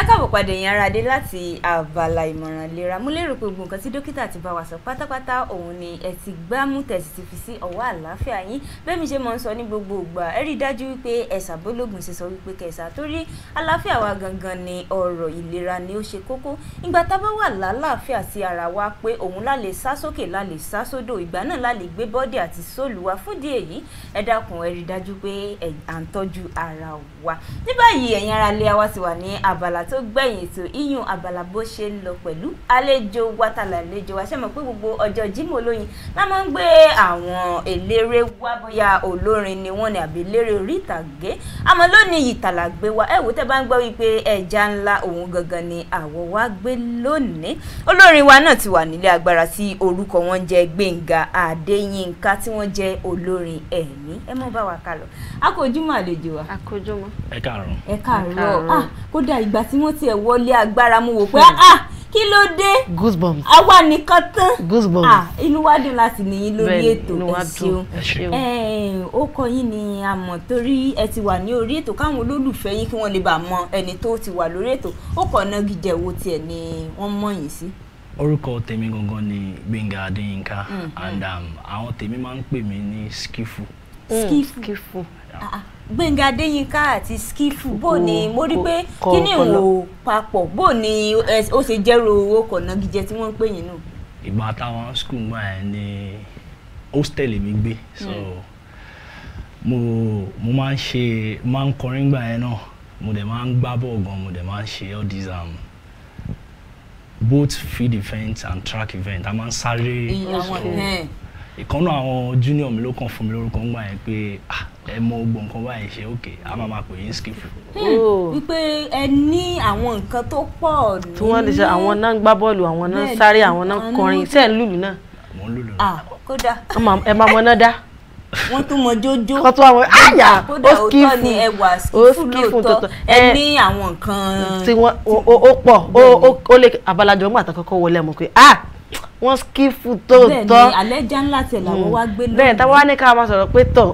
ẹ káàbọ̀ padà èèyàn ara dé láti abala ìmọ̀ràn ìlera mo lérò pé gbogbo nǹkan tí dókítà ti bá wa sọ pátápátá òun ni ẹ ti gbámú tẹ̀sí ti fi sí ọwọ́ àlàáfíà yín bẹ́ẹ̀ mi ṣe mọ̀ ń sọ ní gbogbo ìgbà ẹ rí i dájú wípé ẹ̀sà bólógùn ṣe sọ wípé kẹsà torí àlàáfíà wa gangan ni ọ̀rọ̀ ìlera ni ó ṣe kókó ìgbà tá a bá wà lálàáfíà sí ara wa pé òun la lè sá sókè la lè sá sódò ìgbà náà la lè gbé bọ́dì àti tó gbẹ̀yìn ètò iyùn àbàlà bó ṣe ń lọ pẹ̀lú àlejò wátàlà àlejò wa ṣe mọ̀ pé gbogbo ọjọ́ Jímọ̀ olóyin la máa ń gbé àwọn eléré wá bóyá olórin ni wọ́n ní àbí eléré orí ìtàgé àmọ́ lónìí ìtàlà gbé wa ẹ wò tẹ́ bá ń gbọ́ wípé ẹja ńlá òun gangan ni àwọ̀ wa gbé lónìí olórin wa náà ti wà nílé agbára tí orúkọ wọn jẹ́ Gbénga Adéyínká tí wọ́n jẹ́ olórin ẹ̀mí ẹ mọ́ bá wa kálọ akójúmọ́ àlejò wa akójúmọ́ ẹ káàárọ̀ ẹ káàárọ̀ ah kódà ìgbà tí wọ́n tiẹ̀ wọlé agbára mo wò pé hmm. ah kí ló dé goosebumps àwa nìkan tán goosebumps ah inú wa dùn láti nìyín lórí ètò ẹ ṣeun kọ yín ni a mọ̀ torí ẹ ti wà ní orí ètò káwọn olólùfẹ́ yín kí wọ́n lè bá mọ ẹni tó ti wà lórí ètò ó kọ̀ náà gíjẹ̀ wo tiẹ̀ ni wọ́n mọ̀ yín sí. orúkọ tèmi gangan ni Gbẹ́ngà Adéyínká hmm, hmm. and um, àwọn tèmi máa ń pè mí ní skifu. skifu Gbẹ̀ngà Adéyínká àti Skifu bó ni mo rí pé kí ni ìwò papọ̀ bó ni ó ṣe jẹ́rò owó kọ̀nà gíjẹ tí wọ́n ń pè yín nù. ìgbà táwọn skul gbà yẹn ni hostel mi gbé so hmm. mo mo máa ń ṣe máa ń kọrin gbà yẹn náà mo dẹ̀ máa ń gbá bọ́ọ̀ gan mo dẹ̀ máa ń ṣe all these um, both field events and track events a máa ń sáré ìkànnà àwọn junior mi ló kàn fún mi lórúkọ ńgbà yẹn pé ah ẹ mọ gbogbo nǹkan báyìí ṣe òkè a máa máa pè yín skillful. Hmm, oh. wípé ẹ ní àwọn nǹkan tó pọ̀ ní. tí wọ́n lè ṣe àwọn náà ń gbá bọ́ọ̀lù àwọn náà ń sáré àwọn náà ń kọrin ṣé ń lùlù náà. mò ń lùlù náà. kódà ẹ máa mọ náà dá. wọ́n tún mọ jójó. wọ́n tún àwọn àyà ó skillful ó skillful tó tọ́ ẹ ní àwọn nǹkan. tí wọ́n ó pọ̀ ó lè abalajọ ń kọ́kọ́ wọlé mọ̀ pé ah wọ́n skillful tó tọ́. já ńlá tẹ̀ làwọn hmm. wá gbé náà. bẹ́ẹ̀ táwọn wá ní ká máa sọ̀rọ̀ pé tọ̀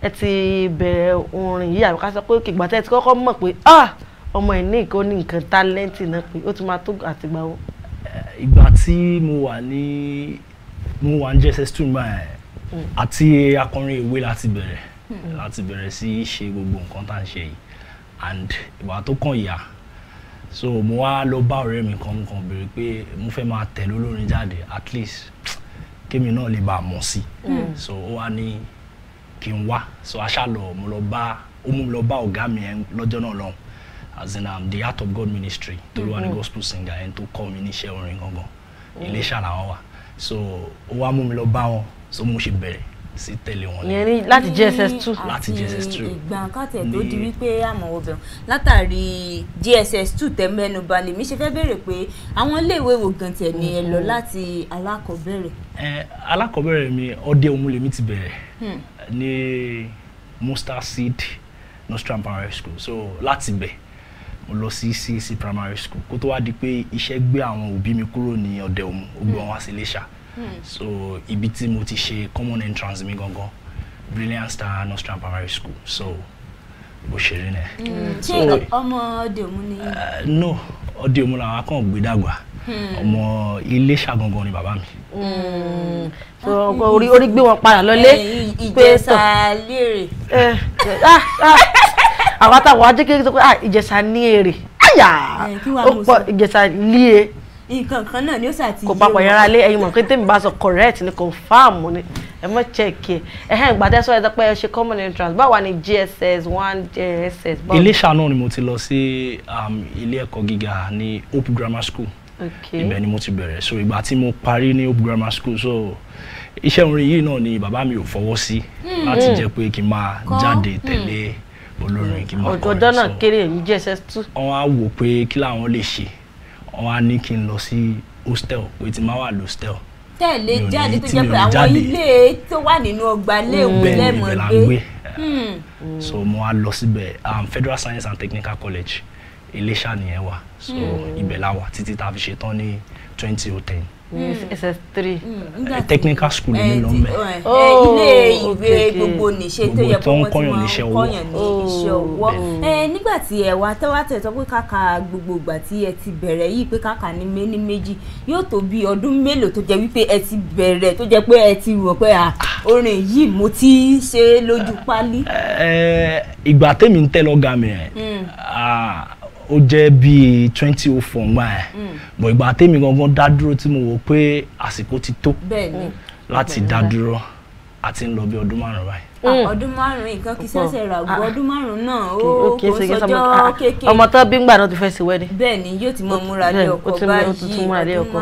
ẹ ti bẹ̀rẹ̀ orin yìí àbíká sọ pé kìgbà tẹ́ ẹ ti kọ́kọ́ mọ̀ pé ah, ọmọ ẹ̀ ní nǹkan ní nǹkan tálẹ́ǹtì náà pé ó ti máa tó àtìgbà wo. Eh, ìgbà tí mo wà ní mo wà ní jss two mile hmm. àti akọrin ìwé láti bẹ̀rẹ̀ hmm. láti bẹ̀rẹ̀ sí í ṣe gbogbo nǹkan tá à ń ṣe yìí and ìwà tó kàn yà so mo wá lọ bá ọ̀rẹ́ mi kan mo kàn béèrè pé mo fẹ́ máa tẹ̀lé olórin jáde at least kémi náà lè bá mọ̀ sí hmm. so ó wá ní kí n wá so aṣáàlọ mo lọ bá ó mú mi lọ bá ọ̀gá mi yẹn lọ́jọ́ náà lọ́hùn as in um, the heart of God ministry Tolúwa ni mm-hmm. gospel singer ẹni tó kọ́ mi níṣẹ́ orin gangan mm-hmm. Iléṣà làwọn wà so ó wá mú mi lọ bá wọn so mo ṣe bẹ̀rẹ̀ sí tẹ̀lé wọn ni. ìyẹn láti JSS two. láti JSS two. ìgbà kàtẹ́ tó di wípé àmọ́ obìnrin látàrí JSS two tẹ́ mẹ́nu bà lèmi ṣe fẹ́ béèrè pé àwọn iléèwé wo gan tiẹ̀ ni ẹ lọ mhm. láti alákọ̀ọ́bẹ̀rẹ̀. ẹ alákọ̀ọ́bẹ̀rẹ̀ mi ọdẹ òun lèmi ti bẹ̀rẹ̀ hmm. ní mustard seed nostrum primary school so láti bẹ̀ mo lọ sí CAC e primary school kó tó wá di pé iṣẹ́ gbé àwọn òbí mi kúrò ní ọdẹ òun ó gbé wọn wá sí Iléṣà. Mm Hmm. so ibi tí mo ti ṣe common entrance mi gangan brilliant star nostrum primary school so bó ṣe rí nẹ. ṣé eh, ọmọ ọdẹ òmu ni. Eh, no ọdẹ òmu làwọn akọ́ gbé dàgbà hmm. ọmọ Iléṣà gangan ni bàbá mi. Hmm. orí orí gbé wọn padà lọlé. ìjẹsà lérè. àwọn àtàwọn ajé kékeré tó pé ah, ìjẹsà ní èrè. àyà eh, ó pọ̀ ìjẹsà ní èrè nǹkan kan náà ni ó sà ti yé wọn. kò papọ̀ yàrá lé ẹyin mọ̀ pé tèmi bá sọ correct ni confam ni ẹ mọ̀ check ẹ e. ẹhẹ́n ìgbà tẹ́sán ẹ dọ́pẹ́ ẹ ṣe common entrance báwa ni JSS one JSS. Iléṣà náà ni mo ti lọ sí um, ilé ẹ̀kọ́ gíga ní Hope Grammar School ibẹ̀ ni mo ti bẹ̀rẹ̀ so ìgbà tí mo parí ní Hope Grammar School so iṣẹ́ orin yìí náà ni bàbá mi ò fọwọ́ sí hmm. láti hmm. jẹ́ pé kí n máa jáde hmm. tẹ̀lé olórin kí n máa kọrin so ọ̀dọ́ náà kéré ní JSS two. wọ́n á wò pé kí làwọn lè ṣe wá ní kí n lọ sí hostel pé tí máa wà lọ́stel tẹ̀lé jáde tó jẹ́ pé àwọn ilé tó wà nínú ọgbà léwu mm. lẹ́mọ̀ hmm. so mo wá lọ síbẹ̀ Federal Science and Technical College Iléṣà nìyẹn wà so hmm. ibẹ̀ la wà títí tá a fi ṣetán ní twenty oh ten ss hmm. three. Hmm, technical school mi lọ mẹ. Oh, ilé ìwé gbogbo níṣe tó yẹ kó wọ́n ti máa kọ́yàn ní oh, iṣẹ́ ọwọ́. nígbà tí ẹ wá tẹ́wá tẹ̀ sọ pé kàkà gbogbo ìgbà tí ẹ ti bẹ̀rẹ̀ yìí pé kàkà ní méní méjì yóò tó bí ọdún mélòó tó jẹ́ wípé ẹ ti bẹ̀rẹ̀ tó jẹ́ pé ẹ ti rò pé orin yìí mo ti ṣe lójú pálí. ìgbà tèmi ń tẹ́ lọ́gàá ẹ̀ hmm ó jẹ́ bíi twenty oh four ngbà yẹn mm. bọ̀ ìgbà tèmi gangan dá dúró tí mo wò pé àsìkò ti tó láti dá dúró àti ń lọ bí ọdún márùn-ún báyìí. Ah, mm. ọdún márùn nǹkan kì í ṣẹ̀ṣẹ̀ rà gbọ́ ah. ọdún márùn náà ó kò sọjọ́ ah, kéèké ọmọ tó bí ngbà náà ti fẹ́ sí wẹ́ni. bẹ́ẹ̀ yóò ti mọ múra lé ọkọ báyìí ọdún márùn náà kò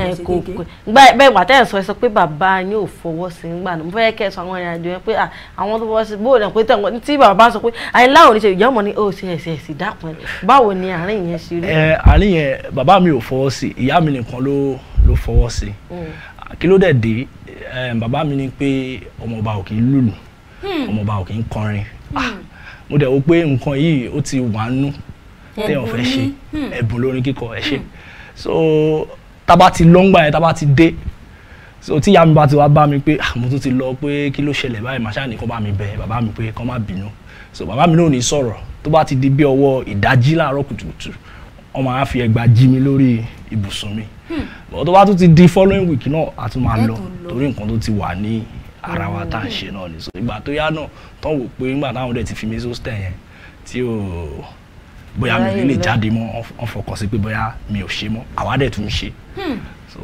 eh, ṣe kéèké. bẹ́ẹ̀ wà tẹ́yìn sọ ẹ sọ pé bàbá yín ò fọwọ́ sí ngbà náà mo fẹ́ kẹ́ ẹ sọ àwọn ìrìn àjò yẹn pé àwọn tó fọwọ́ sí bó o pé tí bàbá bá sọ pé àìláwọ̀ oníṣẹ́ ìyá ni ó ṣe ẹ̀sẹ̀ eh, mm. kí ló dẹ̀ dé eh, bàbá mi ni pé ọmọ ò kì í lùlù Hmm. ọmọọba ò kì í kọrin hmm. ah, mo dẹ̀ wo pé nǹkan yìí ó ti wà nú téèyàn fẹ́ ṣe hmm. ẹ̀bùn lórin kíkọ ẹ̀ ṣe so tábà ti lọ́ngbà yẹn tábà ti dé so tí ìyá mi bá ti wá bá mi pé ah, mo tún ti lọ pé kí ló ṣẹlẹ̀ báyìí màṣá nìkan bá mi bẹ bàbá mi pé kán má bínú so bàbá mi náà ò ní sọ̀rọ̀ tó bá ti di bí ọwọ́ ìdájí láàárọ̀ kùtùkùtù wọ́n máa fi ẹgbàá jí mi lórí ibùsùn mi but tó bá tún ti di following week náà a tún máa lọ torí nǹkan tó ti wà ní ara wa tá à ṣe náà ni so ìgbà tó yá náà tán wò pé nígbà táwọn dẹ̀ ti fi mí sóstẹ̀ yẹn tí ò bóyá mi ò lè jáde mọ́ wọ́n fọkàn sí pé bóyá mi ò ṣe mọ́ àwa dẹ̀ tún ṣe hmm. so.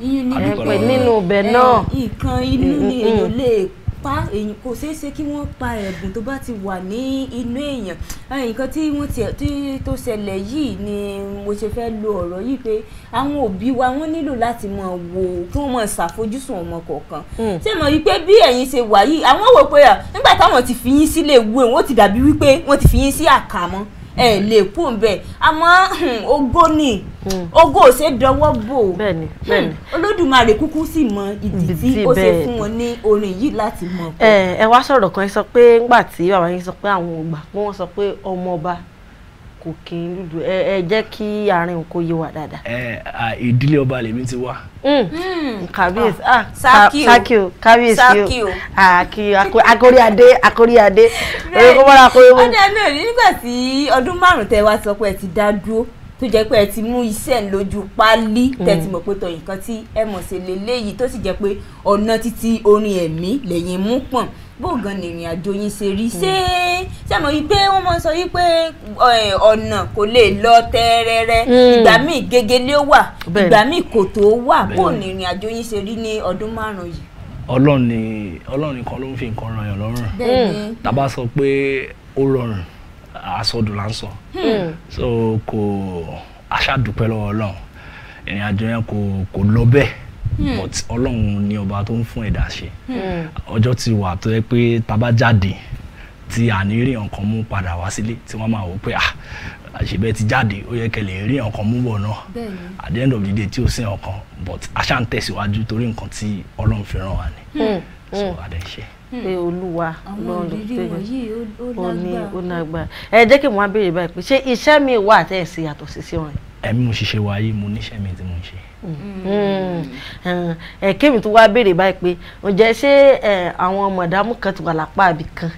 ìyún ni ẹ pè nínú ibẹ̀ náà. nǹkan inú ni mm, mm, èèyàn mm. lè pa èyàn kò ṣeé ṣe kí wọ́n pa ẹ̀bùn tó bá ti wà ní inú èèyàn nǹkan tí wọ́n ti tó ṣẹlẹ̀ yìí ni mo ṣe fẹ́ lo ọ̀rọ̀ yìí pé àwọn òbí wa wọ́n nílò láti mọ̀ wo kí wọ́n mọ̀ ṣàfojúsùn ọmọ kọ̀ọ̀kan hmm. ṣé mo rí i pé bí ẹ̀yin ṣe wà yìí àwọn wò pé nígbà táwọn ti fi yín sílé ìwé wọn ti dàbí wípé wọ́n ti fi yín sí àkàmọ́ ẹ lè kú nbẹ àmọ́ ògo hmm, ni ògo hmm. ò ṣe dọwọ́ bò bẹ́ẹ̀ni hmm, bẹ́ẹ̀ni olódùmarè kúkú sì mọ ìdí tí ó ṣe fún wọn ní orin yìí láti mọ. ẹ ẹ wá sọ̀rọ̀ kan ẹ sọ pé ńgbà tí bàbá yín sọ pé àwọn ò gbà pé wọ́n sọ pé ọmọ ọba kò kí n lùlù ẹ ẹ jẹ́ kí àárín òkò yé wa dáadáa. ẹ à ìdílé ọba lèmi ti wá. Mm. Hmm. kábíyèsí ah, ah sákì o kábíyèsí o àkì ah, akórí adé akórí adé orí kó bọ́ra akórí mú. ọ̀dà mi ò ní nígbà tí ọdún márùn-ún tẹ wá sọ pé ẹ ti dá dúró tó jẹ́ pé ẹ ti mú iṣẹ́ lójú páálí mm. tẹ̀tí mọ̀ pé tọ̀ nǹkan tí ẹ mọ̀ ṣe lélẹ́yìí tó sì jẹ́ pé ọ̀nà títí orin ẹ̀mí lẹ́yìn mú pọ̀n bó gan ni ìrìn àjò yín ṣe rí hmm. ṣé ṣé mo rí pé wọ́n mọ̀ sọ wípé ọ̀nà kò lè lọ tẹ́rẹ́rẹ́ hmm. ìgbà míì gegele wà ìgbà míì kòtò wà bó ni ìrìn àjò yín ṣe rí ní ọdún márùn-ún yìí. ọlọ́run ni ọlọ́run nìkan ló ń fi nǹkan ràn yàn lọ́rùn hmm. tàbá sọ pé ó rọrùn àsọdùn là ń sọ so kò aṣáàdùpẹ́ lọ́wọ́ ọlọ́run ìrìn àjò yẹn kò lọ bẹ́ẹ̀ Hmm. but ọlọ́run ni ọba tó ń fún ẹ̀dá ṣe hmm. ọjọ́ ti wà tó yẹ pé tá bá jáde tí à ní rí nǹkan mú padà wá sílé tí wọ́n máa wò pé ah ti jáde ó yẹ kẹ́ lè rí nǹkan mú bọ̀ náà at the end of the day tí ò sí nǹkan but àṣà ń tẹ̀síwájú torí nǹkan tí ọlọ́run fi ràn wá ni hmm. so adé ṣe pé olúwa lọ́ọ̀lù pé ó ní ó nàgbà ẹ jẹ́ kí mo wá béèrè báyìí pé ṣé iṣẹ́ mi wà tẹ́ sí sí sí ẹ̀mí mo ṣiṣẹ́ wa mo níṣẹ́ mi tí mo ń ṣe. Mm. Mm. Eh, kémi tó wá béèrè báyìí pé ǹjẹ́ ṣé àwọn mọ̀dámù kan ti wà lápá àbí kan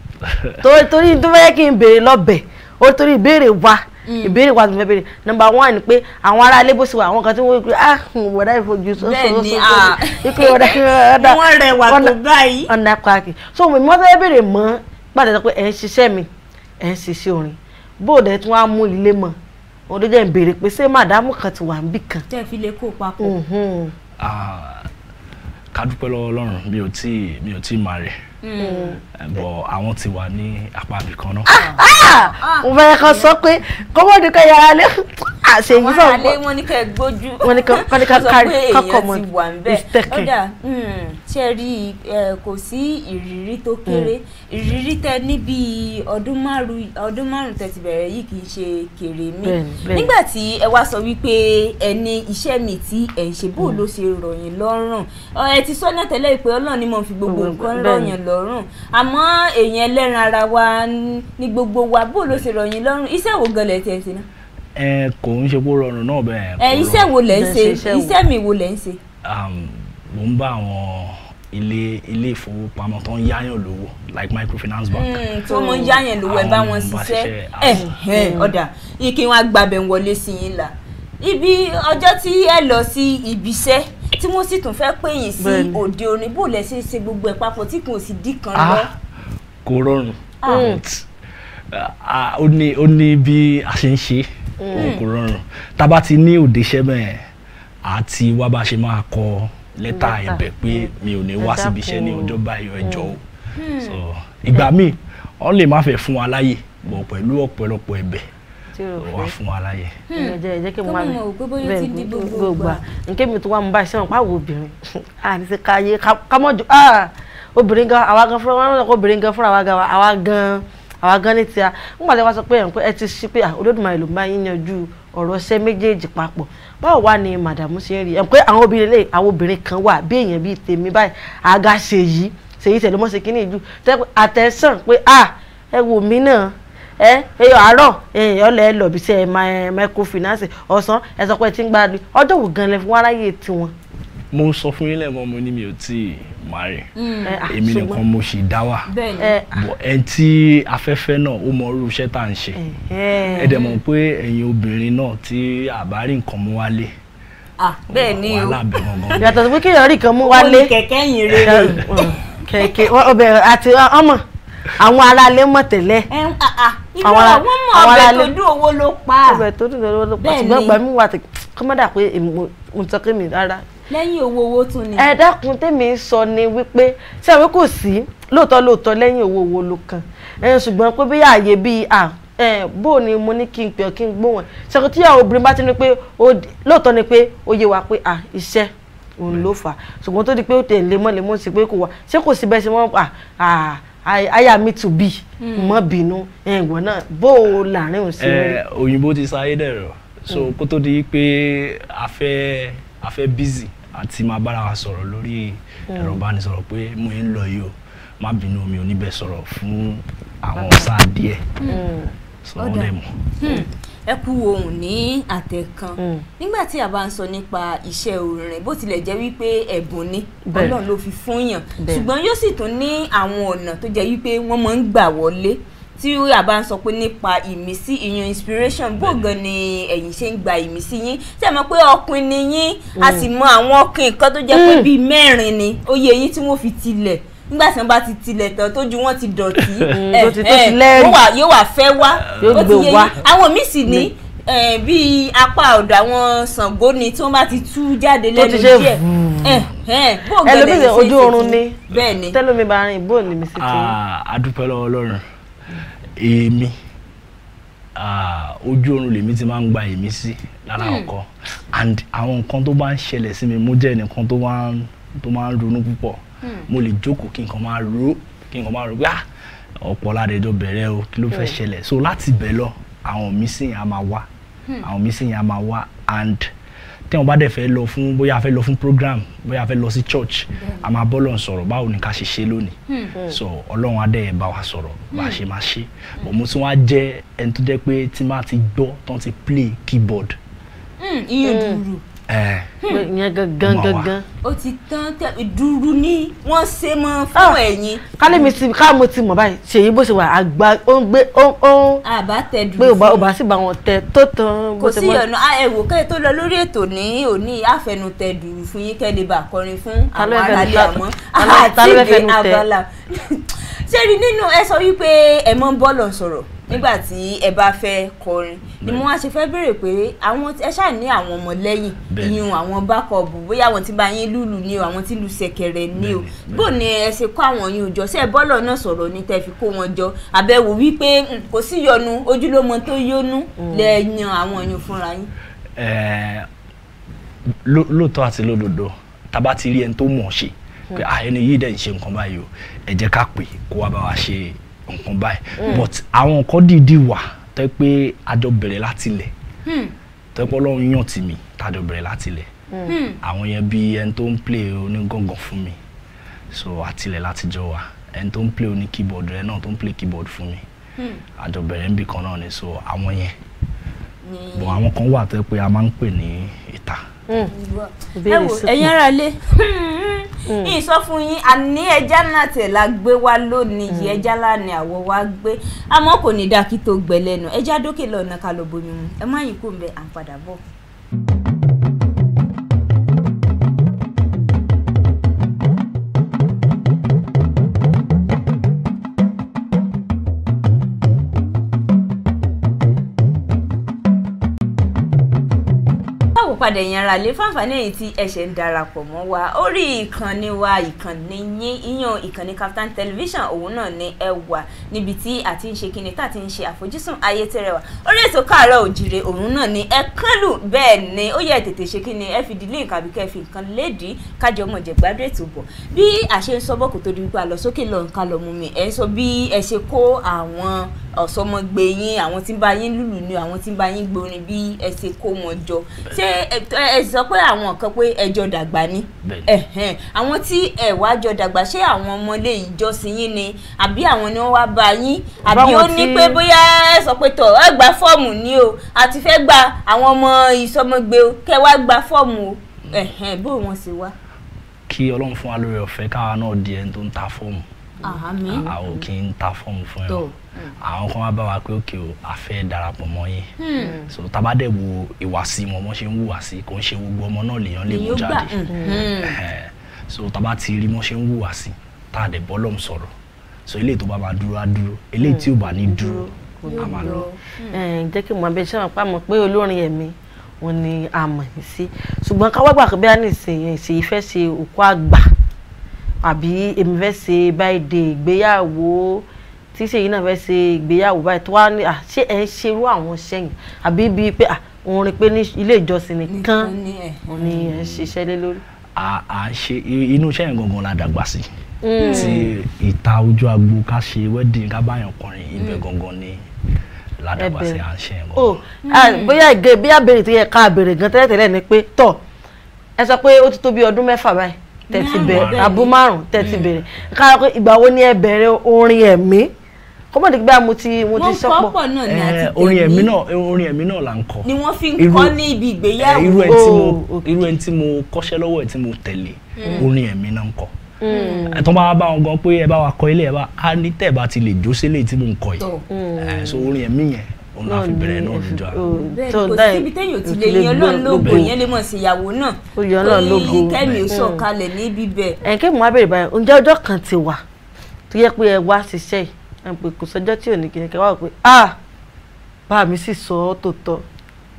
torí tó fẹ́ kí n béèrè lọ́bẹ̀ ó torí ìbéèrè wa mm. ìbéèrè wa tó fẹ́ béèrè nọ́mbà one ni pé àwọn ará ilé bó ṣe wà àwọn kan tí wọ́n wípé ah wọ̀dà ìfojú sọ́sọ́sọ́sọ́ wípé ah. wọ̀dà ọ̀dà wọ́n rẹwà tó báyìí ọ̀nà pàkì so mo fẹ́ béèrè mọ́ pàtàkì pé ẹ̀ ń ṣiṣẹ́ mi ẹ̀ ń ṣiṣẹ́ orin bóòdù ẹ̀ tún wá mú ilé mọ́ wọn ló jẹ́ ń béèrè pé ṣé màdámù kan ti wà níbì kan. tẹ́ ẹ fi lè kó papọ̀. Mhm. Ah, kádúpẹ́ lọ́wọ́ ọlọ́run mi ò tí mi ò tí ì máa Mm. Eh, bọ̀ àwọn ti wà ní apá ibì kan náà. Ah, ah! Ah. mo fẹ́ kàn sọ pé kọ́mọ́dé kan yàrá lé àṣeyí sọ̀rọ̀ wọ́n alẹ́ wọn ní kẹ́ gbójú wọ́n ní ká kárí kọ́kọ́ mọ́ ìsítẹ́kẹ̀. ọ̀dà ṣe rí kò sí ìrírí tó hmm. kéré ìrírí tẹ níbi ọdún márùn tẹ ti bẹ̀rẹ̀ yìí kì í ṣe kéré mi nígbà tí ẹ wá sọ wípé ẹni iṣẹ́ mi tí ẹ̀ ń ṣe bó hmm. ló ṣe rọ̀yìn lọ́rùn ẹ ti sọ náà tẹ́lẹ̀ pé ọlọ́run ni mo fi gbogbo nǹkan rọ̀yìn lọ lọ́rùn àmọ́ èèyàn ẹlẹ́ran ara wa ní gbogbo wa bó ló ṣe rọ̀yìn lọ́rùn iṣẹ́ wo gan lẹ̀ tiẹ̀ sí náà. ẹ kò ń ṣe bó rọrùn náà bẹ́ẹ̀. ẹ iṣẹ́ wo lẹ̀ ń ṣe iṣẹ́ mi wo lẹ̀ ń ṣe. mo ń bá àwọn ilé ilé ìfowópamọ́ tó ń yáyàn lówó like microfinance bank. Hmm, tó mọ yáyàn lówó ẹ bá wọn ṣiṣẹ́ ẹ ẹ ọ̀dà kí wọ́n á gbàbẹ̀ wọlé sí yín là ibi ọjọ́ tí ẹ lọ sí ibiṣẹ́ tí wọ́n sì tún fẹ́ pè yín sí òde orin bó lẹ ṣe ṣe gbogbo ẹ̀ papọ̀ tí kò sì dí kan ah, lọ. kò rọrùn ah. mm. ah, ó ní ó ní bí a ṣe ń ṣe mm. kò rọrùn tá a bá ti ní òde iṣẹ́ bẹ́ẹ̀ àti wá bá ṣe máa kọ lẹ́tà ẹ̀bẹ̀ pé mi ò ní wá síbi iṣẹ́ ní ọjọ́ báyọ̀ mm. ẹjọ́ hmm. o ìgbà míì wọ́n lè má fẹ́ fún wa láyè bọ̀ pẹ̀lú ọ̀pọ̀lọpọ̀ ẹ̀bẹ̀ wà fún wa láyè. ẹ jẹ́ kí mo wá bẹ́ẹ̀ gbogbo gbà nkẹ́ mi tó wà mú báyìí sẹ́wọ̀n pa wo obìnrin àti ṣe káyé kámọ́jọ obìnrin gan àwa gan fúnra wọn obìnrin gan fúnra wa gan àwa gan àwa gan ní ti a nígbà tí wọ́n sọ pé ẹ ti ṣí pé Olódùmarè ló ń bá yín yanjú ọ̀rọ̀ ṣẹ́ méjèèjì papọ̀ báwo wá ni màdàmú ṣe ń rí ẹ pé àwọn obìnrin lè àwọn obìnrin kan wà bí èèyàn bíi tèmi báyìí àga ṣèyí ṣèyí tẹ̀lé mọ́ ṣe kínní ìjú àtẹ̀sán pé ah ẹ wò mí náà ẹ àárọ̀ ọlẹ̀ lọ̀bì sí ẹ microfinance ọ̀sán ẹ sọ pé ẹ ti ń gbádùn ọjọ́ wo gan lẹ fún wáráyé tiwọn. mo sọ fún yín lẹ́ẹ̀mọ́ mo ní mi ò tí ì mari hmm. ah, èmi nìkan mo ṣì dá wà bọ̀ ẹ ah. tí afẹ́fẹ́ náà ó mọ irú iṣẹ́ tá à ń ṣe ẹ dẹ̀ mọ̀ pé ẹ̀yin obìnrin náà tí àbárí nǹkan mú wálé bẹ́ẹ̀ ni o yàtọ̀ sí pé kéèyàn rí nǹkan mú wálé ah, kẹ̀kẹ́ yìí rere kẹ̀kẹ́ ọmọ àwọn aráalé mọ̀ tẹ́lẹ̀. Ah, ah, ah. àwọn aráalé ọbẹ̀ tó dùn owó ló pa. ọbẹ̀ tó dùn owó ló pa ṣùgbọ́n ìgbà mi wà tí kọ́mọ́dà pé mo sọ pé mi rárá. lẹ́yìn owó owó tún ni. ẹ dákun tèmi sọ ni wípé ṣé àwọn kò sí lóòótọ́ lóòótọ́ lẹ́yìn owó owó ló kan ṣùgbọ́n pé bí ààyè bíi ẹ bó ni mo ní kí n pè ọ kí n gbóhùn ṣàkóso tíyàwó obìnrin bá ti ní pé lóòótọ́ ni pé ó yé wa pé à iṣẹ́ òun ló fà ṣùgbọ́n tó di pé ó tẹ̀ lémọ́lémọ́ sí pé kò wá ṣé kò sí bẹ́ẹ̀ ṣe wọ́n à à aya mi to be mọ hmm. bínú ẹ̀gbọ́n náà bó o láàrin òun sí rí. ti sáyé dẹ̀rọ̀ so hmm. kó tó di pé a fẹ́ a fẹ́ busy ati ma bára wa sọ̀rọ̀ lórí hmm. ẹ̀rọ ìbánisọ̀rọ̀ pé mo ń lọ yìí o má mi oni ní bẹ́ẹ̀ sọ̀rọ̀ fún àwọn sáà so wọ́n dẹ̀ mọ̀ ẹ kú ohùn ní àtẹ̀kan mm. nígbà tí a bá ń sọ nípa iṣẹ́ orin bó tilẹ̀ jẹ́ wípé ẹ̀bùn ni ọlọ́run ló fi fún yàn ṣùgbọ́n yóò sì tún ní àwọn ọ̀nà tó jẹ́ wípé wọ́n máa ń gbà wọlé tí a bá ń sọ pé nípa ìmísí ìyún inspiration bó gan ni ẹ̀yin ṣe ń gba ìmísí yín ṣe mọ̀ pé ọkùn ni yín a mm. sì mọ àwọn ọkùn kan tó jẹ́ pé mm. bíi mẹ́rin ni ó yẹ yín tí wọ́n fi tilẹ̀ nígbà tí wọn bá ti tilẹ̀ tán tójú wọn ti dọ̀tí mm. ẹ yóò wà fẹ́ wá ó ti yé yín àwọn míì sì ní bíi apá ọ̀dọ̀ àwọn Ṣàngó ni tí wọ́n bá ti tú jáde lẹ́nu díẹ̀ ẹlòmíràn ojú oorun ni bẹ́ẹ̀ni tẹ́lómi bá rìn bó ni mi sì ti. adúpẹ́ ah, lọ́wọ́ Ọlọ́run èmi ah, ojú oorun lèmi ti máa ń gba èmi sí lára hmm. ọkọ and àwọn nǹkan tó bá ń ṣẹlẹ̀ sí mi mo jẹ́ ẹnìkan tó máa ń ronú púpọ̀ Hmm. mo lè jókòó kí n kàn máa ro kí n kàn máa ro pé ah, ọ̀pọ̀ ládẹ jọ bẹ̀rẹ̀ o kí ló fẹ́ hmm. ṣẹlẹ̀ so láti bẹ̀ lọ àwọn mi sì yẹn a máa wá hmm. àwọn mi sì yẹn máa wá and tí wọn bá dẹ̀ fẹ́ lọ fún bóyá a fẹ́ lọ fún program bóyá a fẹ́ lọ sí church a máa bọ́ lọ́n sọ̀rọ̀ báwo ni ká ṣe ṣe lónìí so ọlọ́run á dẹ̀ bá wa sọ̀rọ̀ bá a ṣe máa ṣe but mo tún wá jẹ́ ẹni tó jẹ́ pé tí máa ti gbọ́ tán ti play keyboard. iyùn dùrù ìyẹn eh. gangan gangan. ó ti tán dúró ní wọ́n ṣe mọ́ fún ah, ẹ̀yìn. kálí mi ti ká mo ti mọ̀ báyìí ṣèyí bó ṣe wà àgbà ó ń gbé ó ń. àbá tẹ dùn sí i pé òbá sì bá wọn tẹ tó tán. kò sí ọ̀nà ẹ̀wò kẹ́ẹ̀ tó lọ lórí ètò ní òní àfẹnutẹ dùn fún yín kẹ́ lè bà kọrin fún àwọn aráàlú àmọ́ àti ìdè abala. ṣé rí nínú ẹ sọ wípé ẹ mọ́ ń bọ́ lọ sọ̀rọ̀ nígbà ẹ bá fẹ́ kọrin ni mo wá ṣe fẹ́ béèrè pé àwọn ẹ ṣáà ní àwọn ọmọ lẹ́yìn iyun àwọn bákọ̀ọ̀bù bóyá àwọn tí bá yín lùlù ni o àwọn tí lu ṣẹ̀kẹ̀rẹ̀ ni o bó ni ẹ ṣe kó àwọn yín jọ ṣe bọ́lọ̀ náà sọ̀rọ̀ ní tẹ́ fi kó wọn jọ àbẹ̀wò wípé hmm, kò sí yọnu ojúlómọ tó yọnu mm. lẹ yan àwọn yín fúnra yín. lóòótọ́ àti lódodo tá a bá ti rí ẹni tó mọ̀ ṣe hmm. pé ẹni yìí dẹ̀ ń ṣe nǹkan báyìí o ẹ ká pè kó wá bá wa ṣe nǹkan báyìí but àwọn nǹkan dìídì wà tó yẹ pé àjọ bẹ̀rẹ̀ láti lẹ̀ hmm. tó yẹ pé ọlọ́run yàn tì mí tàjọ bẹ̀rẹ̀ láti lẹ̀ hmm. hmm. àwọn yẹn bí ẹni tó ń play onígangan fún mi so àtìlẹ̀ láti jọ wà ẹni tó ń play oní keyboard rẹ náà tó ń play keyboard fún mi àjọ bẹ̀rẹ̀ níbì kan náà ni so àwọn yẹn but àwọn kan wà tó yẹ pé a máa ń pè ní ìta. Hmm. ẹ wò ẹ̀yin ará ilé yìí hmm. sọ fún yín àní ẹja náà tẹ̀ la gbé wá lónìí hmm. ẹja lánàá àwọ̀ wá gbé àmọ́ kò ní dákító gbẹlẹ́nu ẹja dókè lọ́nà ká lọ mu ẹ má yí kó ń bẹ à bọ̀. pàdé ẹ̀yin ará lé fáǹfààní èyí tí ẹ ń darapọ̀ mọ́ wa orí ìkànnì wa ìkànnì yín ìyàn ìkànnì Kaftan television òun náà ni ẹ wà níbi tí a ti ń ṣe kíni tá a ti ń ṣe àfojúsùn ayé tẹ́rẹwà orí ètò káàárọ̀ òjìrè òun náà ni ẹ kánlù bẹ́ẹ̀ ni ó yẹ tètè ṣe kíni ẹ fi dílé nǹkan àbí kẹ́ fi nǹkan lédìí kájọ ọmọ jẹ gbádùn ètò bọ̀ bí a ṣe ń sọ bọ́ọ̀kù tó di wípé a lọ sókè lọ nǹkan lọ mú mi ẹ sọ pé àwọn kan pé ẹjọ dàgbà ni àwọn tí ẹ wá jọ dàgbà ṣé àwọn ọmọlé ìjọsìn yín ni àbí àwọn ni wọ́n wá bá yín àbí ó ní pé bóyá ẹ sọ pé tọ ẹ gba fọ́ọ̀mù ni o àti fẹ́ gba àwọn ọmọ ìsọmọgbé o kẹ wá gba fọ́ọ̀mù o bó wọn sì wá. kí ọlọ́run fún wa lórí ọ̀fẹ́ káwa náà di ẹni tó ń ta fọ́ọ̀mù àwọn kì í ta fọ́ọ̀mù fún yàn àwọn kan wá bá wa pé òkè o a fẹ́ darapọ̀ mọ́ yín hmm. so tábà dẹ̀ wo ìwàsí wọn wọ́n ṣe ń wùwà kò ń ṣe gbogbo ọmọ náà lèèyàn lè mú jáde hmm. so tábà ti rí wọ́n ṣe ń wùwà tá a dẹ̀ bọ́ sọ̀rọ̀ so eléyìí tó bá máa dúró á dúró eléyìí tí ò bá ní hmm. dúró á máa lọ. jẹ́ kí mo máa pa mọ̀ pé olórin ẹ̀mí wọn ni a mọ̀ sí ṣùgbọ́n káwá gbà pé bí a ní ìsìn ìfẹ́ ṣe òkú àgbà àbí èmi fẹ́ ṣe báyìí ìgbéyàwó tí ṣèyí náà fẹ́ ṣe ìgbéyàwó báyìí tó wá ní à ṣé ẹ ń ṣerú àwọn sẹ́yìn àbí bíi pé òun rí pé ní ilé ìjọsìn nìkan ni ẹ ń ṣiṣẹ́ lé lórí. à ń ṣe inú iṣẹ́ yẹn gangan la dàgbà sí hmm. ti ìta ojú agbo ká ṣe wedding ká báyọ̀ kọrin ibẹ̀ hmm. gangan ni ládàbà sí à ń ṣe yẹn oh, gangan. bóyá ìgbé bóyá béèrè tó yẹ ká béèrè gan tẹ́lẹ̀tẹ́lẹ̀ ni pé tọ̀ ẹ sọ pé ó ti tó ọdún mẹ́fà báyìí tẹ̀tì bẹ̀rẹ̀ abú márùn tẹ̀tì bẹ̀rẹ̀ mm. kára pé ìgbà wo ni ẹ bẹ̀rẹ̀ orin ẹ̀mí kó mọ̀ nígbà mo ti mo ti sọ́pọ̀ wọ́n kọ́ pọ̀ náà ni àti eh, tẹ̀mí orin ẹ̀mí náà orin ẹ̀mí náà là ń kọ ni wọ́n fi ń kọ́ ní ibi ìgbéyàwó oh, irú ẹni tí mo kọ́ṣẹ́ lọ́wọ́ ẹ̀ tí mo tẹ̀lé mm. orin ẹ̀mí náà ń kọ mm. tó bá bá wọn gan pé ẹ bá wa kọ ilé ẹ bá a ní tẹ̀ bá ti lè jó sílé tí mo ń kọ yìí eh, so orin ẹ̀mí yẹn òun la fi bẹ̀rẹ̀ náà lùjọ. bẹ́ẹ̀ kò síbi téèyàn ti lè yan Ọlọ́run lógo yẹn lè mọ̀ sí ìyàwó náà ó yan Ọlọ́run kẹ́mi sọ̀kalẹ̀ níbi bẹ́ẹ̀. ẹ̀ mo wá bèrè báyìí ǹjẹ́ ọjọ́ kan ti wà tó yẹ pé ẹ wá ṣiṣẹ́ yìí ẹ pé kò sọjọ́ tí ò ní kí ẹ kẹ́ wá pé ah bá mi sì sọ ọ́ tó tọ́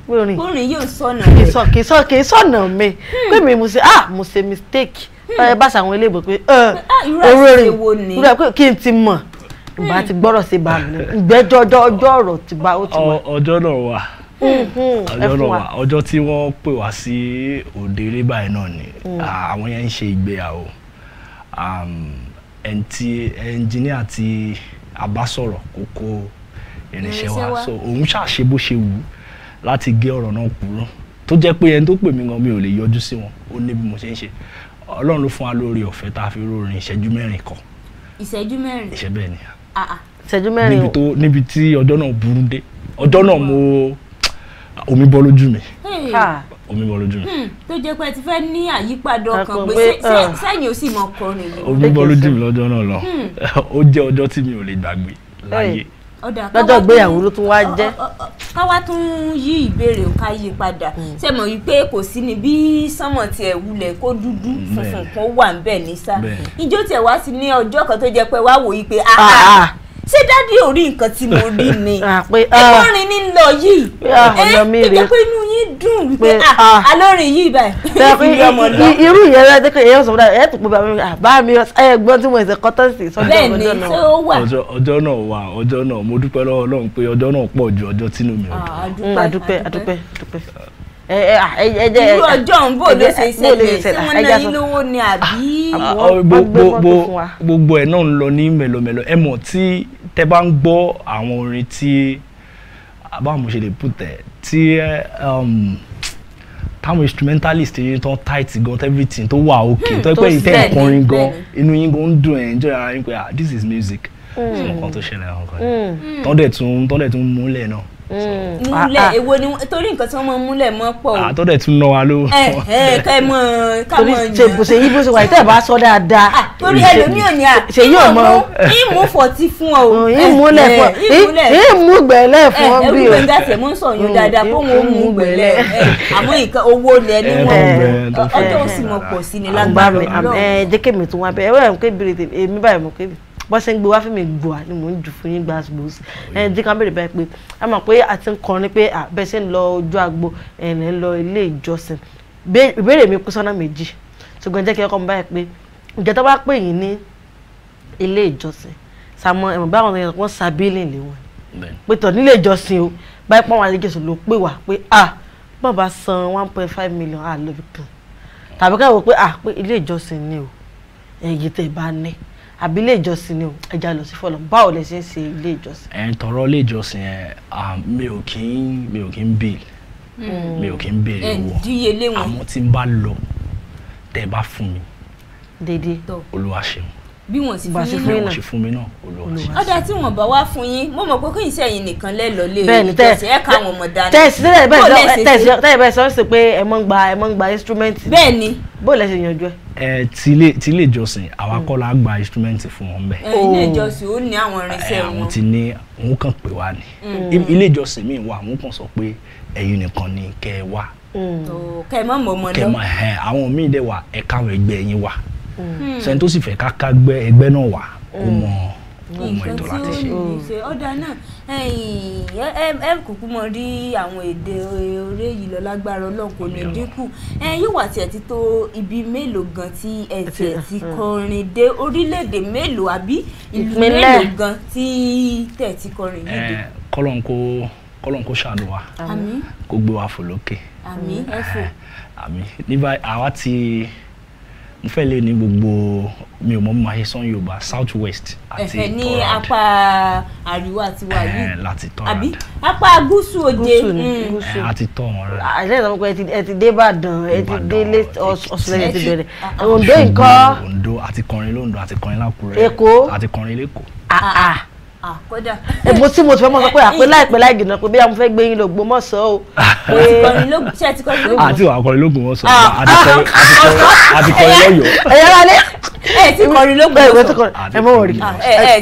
orin orin yóò sọ̀nà rẹ̀ kì í sọ sọ̀nà mi hmm. pé mi mo ṣe ah mo ṣe mistake hmm. báyẹn bá ṣàwọn ilé ìbò pé ọ̀rọ̀ rẹ̀ kí n ti mọ̀ bá ti hmm. gbọ́rọ̀ sí bá mi ìgbẹ́jọ́ ọjọ́ ọ̀rọ̀ ti bá ó ti wá. ọjọ́ náà wà hmm, hmm. ọjọ́ náà wà ọjọ́ tí wọ́n pè wá sí òde eré báyìí ni àwọn yẹn ń ṣe ìgbéyàwó ẹnjìníà tí a bá sọ̀rọ̀ kókó wa so òun ṣàṣe bó ṣe wù láti gé ọ̀rọ̀ náà kúrò tó jẹ́ pé ẹni tó pè mí gan mi ò lè yọjú sí wọn ó ní bí mo ṣe ń ṣe ọlọ́run ló fún wa lórí ọ̀fẹ́ tá a fi rórin ìṣẹ́jú mẹ́rin kọ. ìṣẹ́jú mẹ́rin. ìṣẹ́ bẹ́ẹ̀ ni. Ah, ah. ṣẹ́jú mẹ́rin níbi tó níbi tí ọjọ́ náà burú dé ọjọ́ náà mo omi bọ́ lójú mi hmm. omi bọ́ lójú mi. Hmm. tó jẹ́ pé ẹ ti fẹ́ ní àyípadà ọkàn pé sẹ́yìn ah. ó sì mọ ọkọ nìyí. omi bọ́ lójú mi lọ́jọ́ náà lọ hmm. ó jẹ́ ọjọ́ tí mi ò lè gbàgbé láyé lọ́jọ́ ìgbéyàwó ló tún wá jẹ́. káwá tún yí ìbéèrè ká yí padà hmm. ṣe mọ̀ wípé kò sí ni bí sánmọ̀ tiẹ̀ wulẹ̀ kó dúdú funfun kó wà ń bẹ̀ ní sá ìjó tiẹ̀ wá sí ní ọjọ́ kan tó jẹ́ pé wá wò yí pé áá ṣé dádì ò rí nǹkan tí mo rí ni ah, ah. ìkọrin ní lọ yìí ẹ ah, ìjọ eh, pé inú yín dùn wípé alórin yìí báyìí. irú ìyẹn rẹ dẹkẹ ìyẹn sọ fún mi ẹ tún pé bá mi ẹ gbọ́n tí mo ṣe kọ́tọ́sì sọ́jọ́ ọjọ́ náà ọjọ́ náà wà ọjọ́ náà mo dúpẹ́ lọ́wọ́ Ọlọ́run pé ọjọ́ náà pọ̀ ju ọjọ́ tínú mi ò dùn. àdúpẹ́ mm, àdúpẹ́ àdúpẹ́ irú ọjọ́ gbogbo ẹ̀ náà ń lọ ní mẹ̀lọmẹ̀lọ ẹ mọ̀ tí tẹ bá ń gbọ́ àwọn orin tí báwo lè put tí um, táwọn instrumentalist yìí tán tight gan everything tó wà òkè hmm, tó pẹ́ yìí tẹ́ gan inú yín gan ń dùn ẹ̀ ń ara yín pé ah this is music. Hmm. tọ́ndẹ̀ hmm. tún tọ́ndẹ̀ tún múlẹ̀ náà. Mm. múlẹ̀ ah, ah. èwo ni torí nǹkan tí wọ́n máa múlẹ̀ mọ́ pọ̀ o. àtọ́dẹ̀ ah, tún ná wa ló. ẹ ẹ ká ẹ mọ ká mọ yàn. torí ṣe ṣèyí bó ṣe wà tẹ́ ẹ bá sọ dáadáa. torí ẹlòmíì ò ní à. ṣèyí ò mọ. ìmú fọ̀tí fún ọ. ìmúlẹ̀ mm, fún ìmú gbẹ̀lẹ̀ fún ọ eh, eh, bí o. ẹrú gbẹ̀ngà tẹ̀ mọ́ sọ yún dáadáa kó wọn ó mú gbẹ̀lẹ̀ eh, àmọ́ nǹkan owó lẹ ní wọn ọjọ́ òsì mọ̀ pọ̀ sí ni lágbàdo. ẹ jẹ́ kémi tún wá bẹ́ẹ̀ ẹ wẹ́n kébi bọ́n ṣe ń gbé wá fún mi gbòà ni mò ń jù fún yín gbàs gbòs ẹni díkan béèrè báyìí pé a mọ̀ pé a ti ń kọrin pé bẹ́ẹ̀ ṣe ń lọ ojú agbo ẹ̀ ń lọ ilé ìjọsìn ìbéèrè mi kú sọ́nà méjì ṣùgbọ́n jẹ́ kí ọkọ mi báyìí pé ǹjẹ́ tó bá pè yín ní ilé ìjọsìn sàmọ ẹ̀mọ̀ báwọn ẹ̀yàn wọ́n sàbílì lé wọn pé tọ̀ nílé ìjọsìn o báyìí pọ́n wọn àlejò one point five million àlọ́ ibìkan tàbí káwọn pé ah pé ilé ìjọsìn ni o èyí tẹ̀ bá àbí ilé ìjọsìn ni o ẹja lọ sí fọlọ báwo lẹ ṣe ń ṣe ilé ìjọsìn. ẹ ń tọrọ ilé ìjọsìn ẹ mi ò kí ń mi ò kí ń bèèlì hmm. mi ò kí ń bèèrè wọ àmọ́ tí n bá lọ tẹ́ ẹ bá fún mi dédé olúwa ṣeun bí wọn sì fún yín náà ọdọ tí wọn bá wá fún yín mo mọ pé kí n sẹyìn nìkan lẹlọ lé o tẹsí ẹ ká àwọn ọmọ dání tẹsí tẹsí bẹ́ẹ̀ tẹsí tẹsí bẹ́ẹ̀ sọ sí pé ẹ mọ ń gba ẹ mọ ń gba instrument. bẹ́ẹ̀ni. bó lẹ ṣe yanjú ẹ. ẹ ti ilé ti ilé ìjọsìn àwa kọ́ la gba instrument fún wọn bẹ́ẹ̀. ilé ìjọsìn ó ní àwọn irinṣẹ́ wọn. àwọn ti ní òun kàn pé wá ni mm. ilé ìjọsìn mi wà òun kàn sọ pé ẹ̀yin nìkan ni kẹ́ ẹ wá. Mm. kẹ́ ẹ mọ̀ mọ̀ mọ̀ náà. kẹ́ ẹ mọ̀ àwọn míì dẹ̀ wà ẹ̀ka àwọn ẹgbẹ́ yín wà sẹ́ni hmm. tó sì fẹ́ ká ká gbẹ́ ẹgbẹ́ náà wà kó hmm. mọ ọmọ ètò láti ṣe. ọ̀dà náà ẹ kúkú mọ rí àwọn èdè orí yìí lọ lágbára ọlọ́run kò ní dínkù yóò wà tiẹ̀ ti tó ibi mélòó gan tí ẹ tiẹ̀ ti kọrin dé orílẹ̀-èdè mélòó àbí ìlú mélòó gan tí tẹ̀ ti kọrin yìí dé. kọ́lọ́n kó kọ́lọ́n kó ṣàánú wa kó gbé wa fò lókè àmín àmín ní báyìí àwa ti mo fẹ́ lè ní gbogbo mi ò mọ mọ ayé sàn yorùbá south west àti torad ní apá àríwá tiwa yìí láti torad àbí apá gúúsù òde mm. àti torad. Ah, àṣẹ ìsọmọkọ ẹ ti dé ìbàdàn ẹ ti dé ọ̀ṣun ẹ ti bẹ̀rẹ̀ ah, ah. ondo nǹkan. ondo àti kọrin londo àti kọrin lákùrẹ́ èkó àti kọrin lẹ́kọ̀ọ́. Ah, ẹ̀gbọ́n tí mo fẹ́ mọ́ sọ pé àpé ah, láìpẹ́ láì jìnnà pé bí àwọn fẹ́ gbé yín lògbó mọ́ sọ o. àti àkọrin lógun wọn sọ àti kọrin lọ́yọ̀ọ́. ẹ̀yẹ́ wálé ẹ ti kọrin lógun ah, ọsọ ẹ mọ wọrí ẹ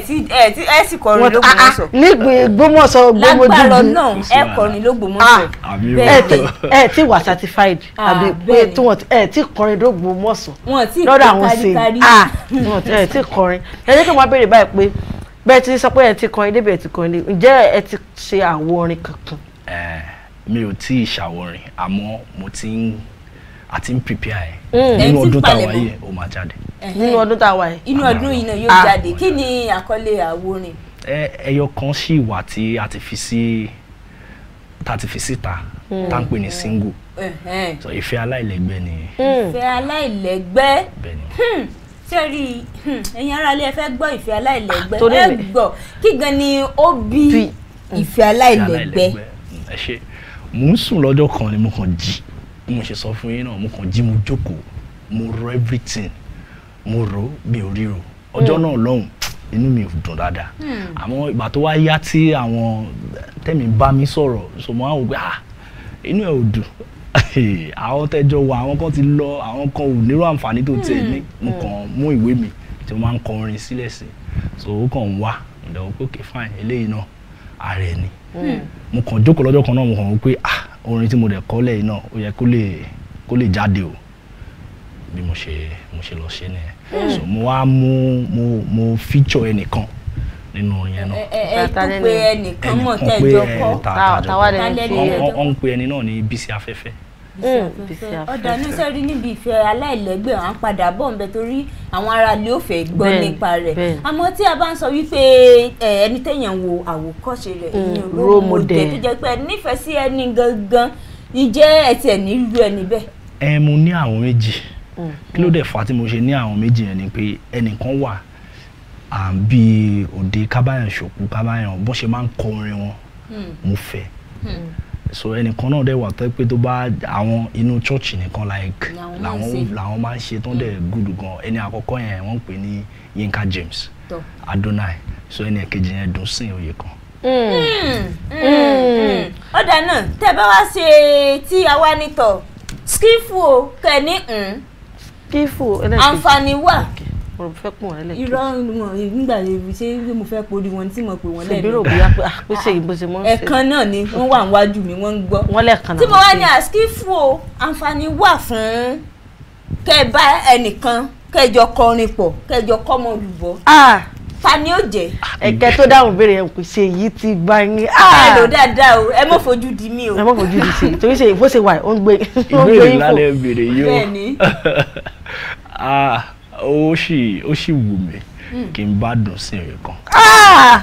ti kọrin lógun ọsọ nígbè gbọmọsọ gbọmọdúdú lágbàrọ náà ẹ kọrin lógun ọsọ ẹ ti wà certified àbí pé tí wọn ẹ ti kọrin lógun ọsọ lọ́dọ̀ àwọn ti kọrin ẹ jẹ́ bẹ́ẹ̀ ti sọ pé ẹ ti kọrin débẹ̀ ẹ ti kọrin débẹ̀ ǹjẹ́ ẹ ti ṣe àwo orin kankan. mi ò tí ì ṣàwọrin àmọ́ mo ti ń a ti ń prepare ẹ mm. nínú ọdún tá a wà yìí ó máa jáde. nínú ọdún tá a wà yìí. inú ọdún yìí náà yóò ah. jáde kí ni àkọlé àwo ẹyọ kan ṣì wà tí a ti fi sí tá ti fi síta mm. tá a pè ní single so ìfẹ́ aláìlẹ́gbẹ́ ni. Mm. ìfẹ́ aláìlẹ́gbẹ́ sẹ́rí hmm, ẹ̀yin aráalé ẹ fẹ́ gbọ́ ìfẹ́ aláìlẹ́gbẹ́ ẹ gbọ́ kí gan ni ó bí ìfẹ́ aláìlẹ́gbẹ́. ẹ ṣe mò ń sùn lọ́jọ́ kan ni mo kàn jí bí mo ṣe sọ fún yín náà mo kàn jí mo jókòó mo rò everything mo rò mi ò ríro ọjọ́ hmm. náà lọ́hùn inú mi ò dùn dáadáa hmm. àmọ́ ìgbà tó wá yá tí àwọn tẹ̀mí bá mi sọ̀rọ̀ sọ mo á wò pé ah inú ẹ̀ ò dùn àwọn tẹjọ wà àwọn kan ti lọ àwọn kan ò nírú àǹfààní tó tiẹ̀ ní hmm. mo kàn hmm. mú ìwé mi tí mo máa ń kọrin sílẹ̀ sí so ó kàn ń wá ǹdà ó pé òkè fine eléyìí náà ààrẹ ni hmm. mo kàn jókòó lọ́jọ́ kan náà mo kàn wọ́n pé ah orin tí mo dẹ̀ kọ́ lẹ́yìn náà ó yẹ kó lè kó lè jáde o bí mo ṣe mo ṣe lọ ṣe nìyẹn so mo wá mú mo mo feature ẹnìkan nínú orin yẹn náà. ẹ ẹ tó pe ẹnìkan mọ̀ tẹ́jọ kọ́ táwa lẹ́nu tó yẹ. ọ̀n pe ẹni náà ní bísí afẹ́fẹ́ ọ̀dà ní sẹ́rí níbi ìfẹ́ aláìlẹ́gbẹ́ à ń padà bọ̀ ńbẹ torí àwọn ará ilé ò fẹ́ gbọ́ nípa rẹ̀ àmọ́ tí a bá ń sọ wípé ẹni tẹ̀yàn wo àwòkọ́ṣe rẹ̀ mm, ìyẹn role model tó jẹ́ pé nífẹ̀ẹ́ sí ẹni gangan ìjẹ́ ẹ̀tì ẹ̀ nílùú ẹni bẹ́ẹ̀. ẹ mo ní àwọn méjì mm. kí ló dé fà tí mo ṣe ní àwọn méjì yẹn ni pé ẹnìkan wà à ń bí òde kábàyàn ṣòkú kábàyàn bó ṣe máa ń kọ wọn mm. mo fẹ́ so ẹnìkan náà dẹ̀ wà tẹ́ pé tó bá àwọn inú church nìkan like làwọn làwọn máa ń ṣe tó ń dẹ̀ mm. gùdù gan ẹni àkọ́kọ́ yẹn wọ́n ń pè ní Yinka James Adonai so ẹni ẹ̀kejì yẹn Dunsin Oyekan. Mm. Mm, ó dáná tẹ bá wá ṣe tí a wá nítọ Skifu, o kẹ ní àǹfààní wà. Okay mo fẹ́ pọ̀ wọ́n lẹ́kẹ́. irọ́ wọn nígbà yẹn ṣé mo fẹ́ pori wọn tí mo pè wọ́n lẹ́nu. ṣèbírò bóyá pé ah, ṣe ìbò ṣe mọ́ ṣe. ẹ̀kan náà ni wọ́n wà níwájú mi wọ́n ń gbọ́. wọ́n lẹ́ẹ̀kan náà. tí mo wá ní àskífù ah, o àǹfààní wà fún kẹ́ bá ẹnìkan kẹ́ kọrin pọ̀ kẹ́ ẹ jọ ah! ta ni ó jẹ́. ẹ̀kẹ́ tó dáhùn béèrè ẹ̀ kò ṣe èyí ti gbá yín. ẹ lò dáadáa o ẹ mọ̀ fojú di mí o. ẹ mọ̀ fojú di sí i torí ṣe ìfọ́sẹ̀wà ó ń gbé. ìbéèrè lálẹ́ béèrè yìí o. bẹ́ẹ̀ ó sì ó sì wù mí hmm. kí n bá dùn sí ìrìn kan. Ah!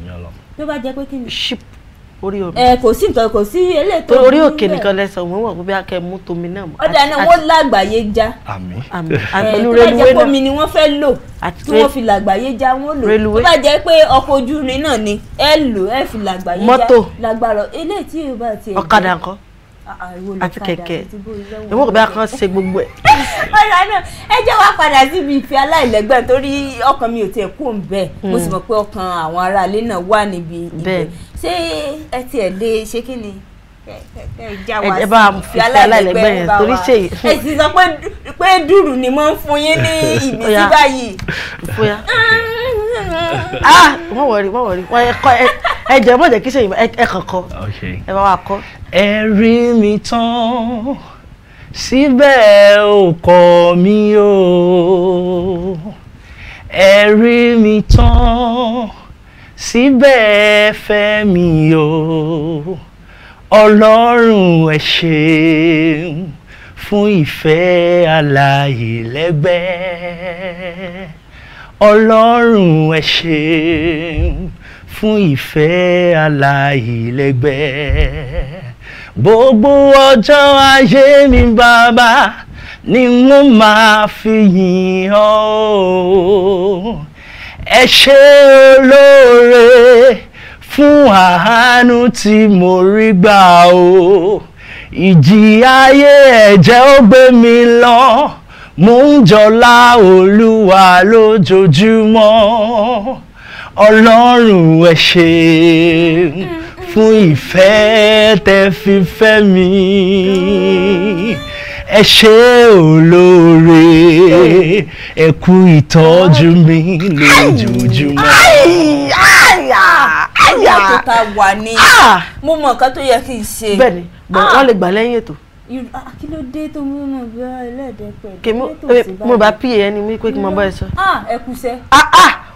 tó bá jẹ́ pé kí ni. ship orí omi. ẹ kò sí nǹkan kò sí eléyìí tó. orí òkè nìkan lẹsàn wọn wà bí akẹ mú tomi náà. ọ̀dà náà wọ́n lágbàáyé já. àmì àmì àpẹlú rélùwé náà. tó bá jẹ́ pomi ni wọ́n fẹ́ lò tí wọ́n fi làgbáyé já wọ́n lò. tó bá jẹ́ pé ọkọ̀ ojú irin náà ni ẹ lò ẹ fi làgbáyé já. mọ́tò lágbára eléyìí tí yóò bá tiẹ̀. ọ̀kadà nǹkan. Ah, ah, àti kẹ̀kẹ́ ìwọ́n kò bá kàn ṣe gbogbo ẹ̀. ọ̀rọ̀ náà ẹ jẹ́ wá padà síbi ìfẹ́ aláìlẹ́gbẹ́ torí ọkàn mi ò tiẹ̀ kú òun bẹ́ẹ̀ mo sì hmm. mọ̀ pé ọkàn àwọn aráalé náà wà níbi ibẹ̀ ṣé ẹ tiẹ̀ lè ṣe kí ni ẹ bá fìfẹ́ aláìlẹ́gbẹ́ yẹn torí ṣe. ẹ sì sọ pé dùrù ni mo ń fún yín ní ibi tí báyìí. fúya ah wọ́n wọ̀rí wọ́n wọ̀rí wọ́n ẹ kọ́ ẹ jẹ́ mọ̀jẹ̀ kí sèyí ẹ kàn kọ́ ẹ bá wa kọ́. ẹ rí mi tán síbẹ̀ ò kọ̀ mí o ẹ rí mi tán síbẹ̀ fẹ́ mi o ọlọ́run ẹ ṣeun fún ìfẹ́ aláìlẹ́gbẹ́ ọlọ́run ẹ ṣeun fún ìfẹ́ aláìlẹ́gbẹ́ gbogbo ọjọ́ ayé mi bàbá ni mo máa fi yìn ọ́ ẹ ṣé olóore fún àánú tí mo rí gbà o ìjì ayé ẹ̀jẹ̀ ó gbé mi lọ mò ń jọlá olúwa lójoojúmọ́ ọlọ́run ẹ ṣé fún ìfẹ́ tẹ́ fi fẹ́ mi ẹ ṣé olóore ẹ kú ìtọ́jú mi lójoojúmọ́ lórí ètò tá a wà ní mo mọ nǹkan tó yẹ kí n ṣe. bẹ́ẹ̀ni wọn lè gbà lẹ́yìn ètò. kí ló dé tó mú mọ bí ẹlẹ́dẹ̀ẹ́ pẹ̀lú. mo bá é ẹni mi pé kí n mọ bá ẹ sọ. ẹ kúṣẹ́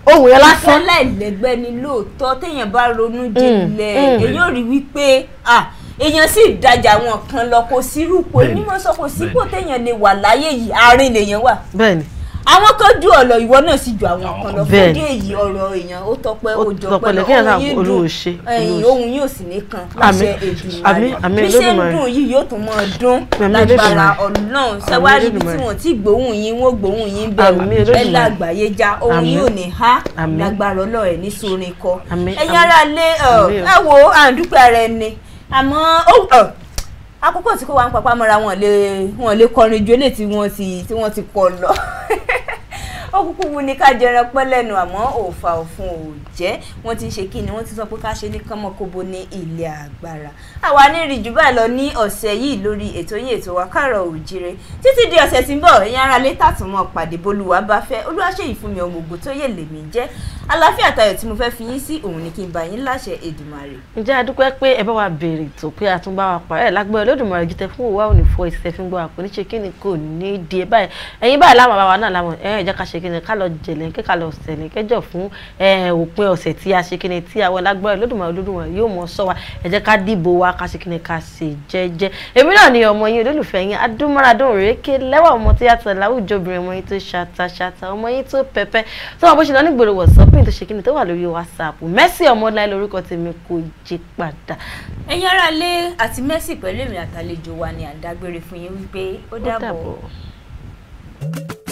ohun yẹn lásán. ìfọlá ìlẹ́gbẹ́ ni lóòótọ́ téèyàn bá ronú jinlẹ̀ mm, mm. èyí ò rí wípé èèyàn sì dájà wọn kan lọ kò sírúpò onímọ̀ sọ kò sípò téèyàn lè wà láyé yìí àárín lèèyàn wà. bẹ́ẹ̀ni àwọn kan ju ọ̀lọ̀ ìwọ náà sì ju àwọn kan lọ fún díẹ̀ yìí ọ̀rọ̀ èèyàn ó tọpẹ́ òjò pẹ̀lú ohun yìí dùn ohun yìí ò sì ní kan láṣẹ èdùmarè bí ṣe ń dùn yìí yóò tún máa dún lágbára ọlọ́run ṣẹ́wárí ibi tí wọ́n ti gbóhùn yín wọ́n gbóhùn yín bẹ̀rù ẹ lágbàáyé já ohun yìí ò ní há lágbára ọlọ́run ẹ̀ ní sórin kọ ẹ̀yin ará lé ẹ wo à ń dúpẹ́ ara ẹni àmọ́ àkókò tí kò wá ń papá mọ́ra wọn lè kọrin ju eléyìí tí wọ́n ti kọ lọ ó kúkú wù ní ká jẹran pẹ́ lẹ́nu àmọ́ òòfà òfun ò jẹ́ wọ́n ti ṣe kí ni wọ́n ti sọ pé ká ṣe ní kánmọ́kóbo ní ilé agbára àwa ní rí jù báyìí lọ ní ọ̀sẹ̀ yìí lórí ètò yín ètò wa Káàárọ̀ Oòjíire títí di ọ̀sẹ̀ tí ń bọ̀ ẹ̀yin ará lé tàtúmọ̀ pàdé bolúwa bá fẹ́ olúwaṣẹ́yìí fún mi ọmọ ògbó tó yẹ lèmi jẹ́ aláfíà tayọ̀ tí mo fẹ́ fi yín sí òun ni kí n bá yín láṣẹ Èdùmàrè. ǹjẹ́ a dúpẹ́ pé ẹ bá wa béèrè tó pé a tún bá wa pààrọ̀ lágbára Olódùmarè jíjẹ fún òwúwa òní fọ ìṣẹ́fín gbọ́ àpò níṣe kí ni kò ní í di ẹ báyìí ẹ̀yin báyìí láwọn àbáwa náà láwọn ẹ̀ ẹ̀ jẹ́ ká ṣe k kíni ká lọ jẹ̀lẹ̀ kí ká lọ sẹ̀lẹ̀ kẹjọ fún òpin ọ̀sẹ̀ tí a ṣe kíni tí àwọn lágbára Olódùmarè Olódùmarè yóò mọ sọ wa ẹ jẹ́ ká dìbò wa ká ṣe kíni ká ṣe jẹ́jẹ́ èmi náà ni ọmọ yín olólùfẹ́ yín adúmáradún òrèké lẹ́wà ọmọ tó yàtọ̀ láwùjọ obìnrin ọmọ yín tó ṣàtàṣàtà ọmọ yín tó pẹpẹ tó wọn bó ṣe lọ nígboro wọ̀sọ́pìn tó ṣe kíni tó wà lórí whatsapp Mercy Ọmọláì lórúkọ tèmi kò jí padà. ẹ̀yin ará ilé àti Mercy pẹ̀lú èmi àtàlejò wa ni à ń dágbére fún yín wípé ó dàbọ̀. Thank you.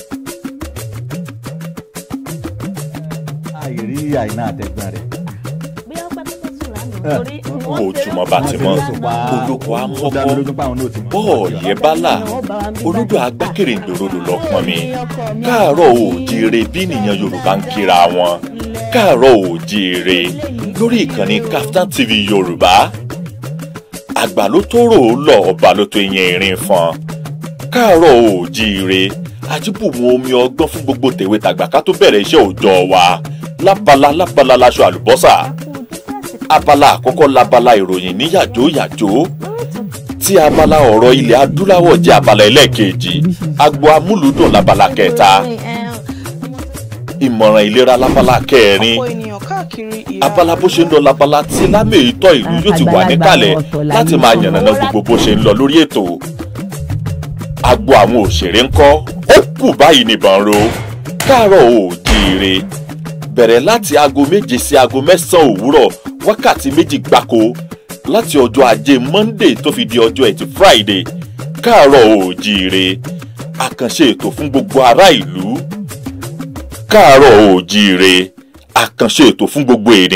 ìrí àìná àtẹ̀gbọ́n rẹ̀. bóyá ó pẹ́ tó sùn lánàá torí wọ́n ṣe é lọ́wọ́ àti mọ́ olóko amọ́kọ́ bọ́ọ̀lì ẹ̀ bá là olódò agbákèrèǹdòròdò lọ pọn mi káàárọ̀ oòjíire bí nìyẹn Yorùbá ń kíra wọn káàárọ̀ oòjíire lórí ìkànnì Kaftan TV Yorùbá àgbà ló tó rò ó lọ ọba ló tó yẹn irin fọn káàárọ̀ oòjíire àjíbùmọ̀ omi ọgbọ́n fún gbogbo tèwe tàgbà ká tó bẹ̀rẹ̀ iṣẹ́ òòjọ́ wa lábala lábala laṣọ àlùbọ́sà abala àkọ́kọ́ labala ìròyìn ní yàjó yàjó tí abala ọ̀rọ̀ ilẹ̀ adúláwọ̀ jẹ́ abala ẹlẹ́ẹ̀kejì agbo amúlùúdùn labala kẹta ìmọ̀ràn ìlera labala kẹrin abala bó ṣe ń lọ labala tí lámì ìtọ́ ìlú yóò ti wà níkàlẹ̀ láti máa yànnàná gbogbo bó ṣe ń lọ lórí ètò agbo àwọn òṣèré ńkọ́ ó kù báyìí nìbọn ro káàárọ̀ oòjíire bẹ̀rẹ̀ láti aago méje sí aago mẹ́sàn-án òwúrọ̀ wákàtí méjì gbáko láti ọjọ́ ajé monday tó fi di ọjọ́ ẹtì friday káàárọ̀ oòjíire àkànṣe ètò fún gbogbo ará ìlú káàárọ̀ oòjíire àkànṣe ètò fún gbogbo ènìyàn.